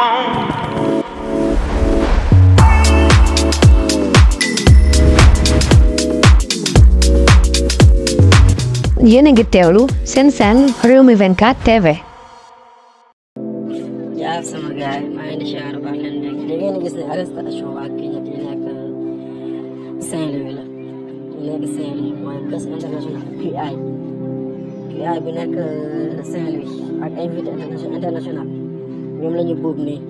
yéen a ngi teewlu seen seen Rewmi 24 TV. jaar sama gars yi maa ngi di siyaar baax leen nekk da ngeen gis ne arrestation waa Kenya di nekk Saint-Louis la nekk Saint-Louis mooy presse international QI QI bi nekk Saint-Louis ak invité international. ñoom la ñu buub nii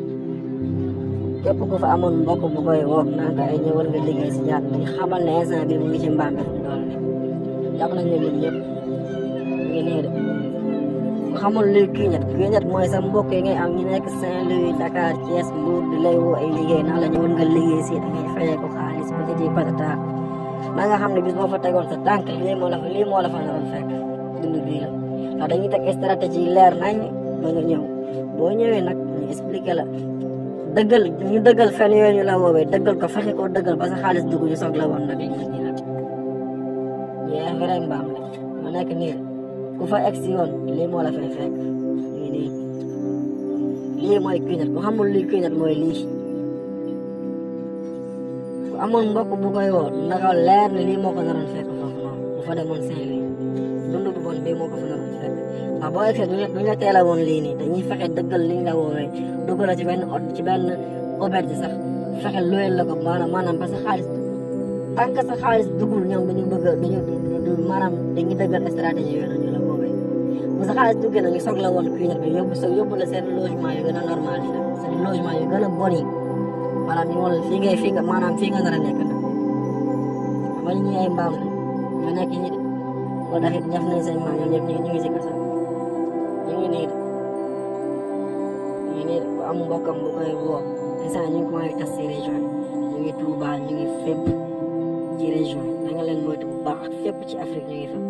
képp fa amoon mbokk bu koy woog naan ko ay ñëwal nga liggéey si ñaar di xamal ne instant bi mu ngi ci mbaam bi doon ne jàpp nañ ne ñun ñëpp ngi nii de ku xamul luy kiiñat kiiñat mooy sa mbokk yi ngay am ñu nekk Saint-Louis Dakar Thiès Mbour di lay woo ay liggéey naan la ñëwal nga liggéey si da ngay fayee ko xaalis patati patata maa nga xam ne bis moo fa tegoon sa tànk lii moo la fa lii la fa naroon fekk dund bii la ndax dañuy teg stratégie leer nañ ba nga ñëw boo ñëwee nag ñu expliqué la ñu dëggal fen yooyu la woowee dëggal ko fexe koo dëggal ba sa xaalis dugg ñu soog la woon nag ñu nag yéen vrai mbaam la mu nekk nii fa egg si yoon lii moo la fay fekk lii nii lii mooy lii kuñat mooy lii ku bu koy woo leer ne lii moo ko fekk foofu noonu demoon Saint-Louis dund bu bon fa naroon fekk waaw boo egsee duñu duñu la teel a woon lii nii dañuy fexe dëggal liñ la woowee dugg la ci benn ot ci benn auberge sax fexe looyal la ko maanaam maanaam ba sa xaalis tant que sa xaalis duggul ñoom dañu bëgg dañu maanaam dañuy dëggal stratégie yooyu ñu la woowee bu sa xaalis la woon kii nag yóbbu sa yóbbu la seen logement yu gën a normal yi seen logement yu gën a bon yi maanaam ñu woon fii ngay fii nga maanaam fii nga nar a nekk mbaam la ñu nekk ñi de boo taxit ñaf nañ seen maam ñu ngi si ñu ngi nii ñu ngi nii am mbokkam bu koy woo instant ñu ngi commencé tas ñu ngi Touba ñu ngi fépp ci région da nga leen moytu bu baax ak ci Afrique ñu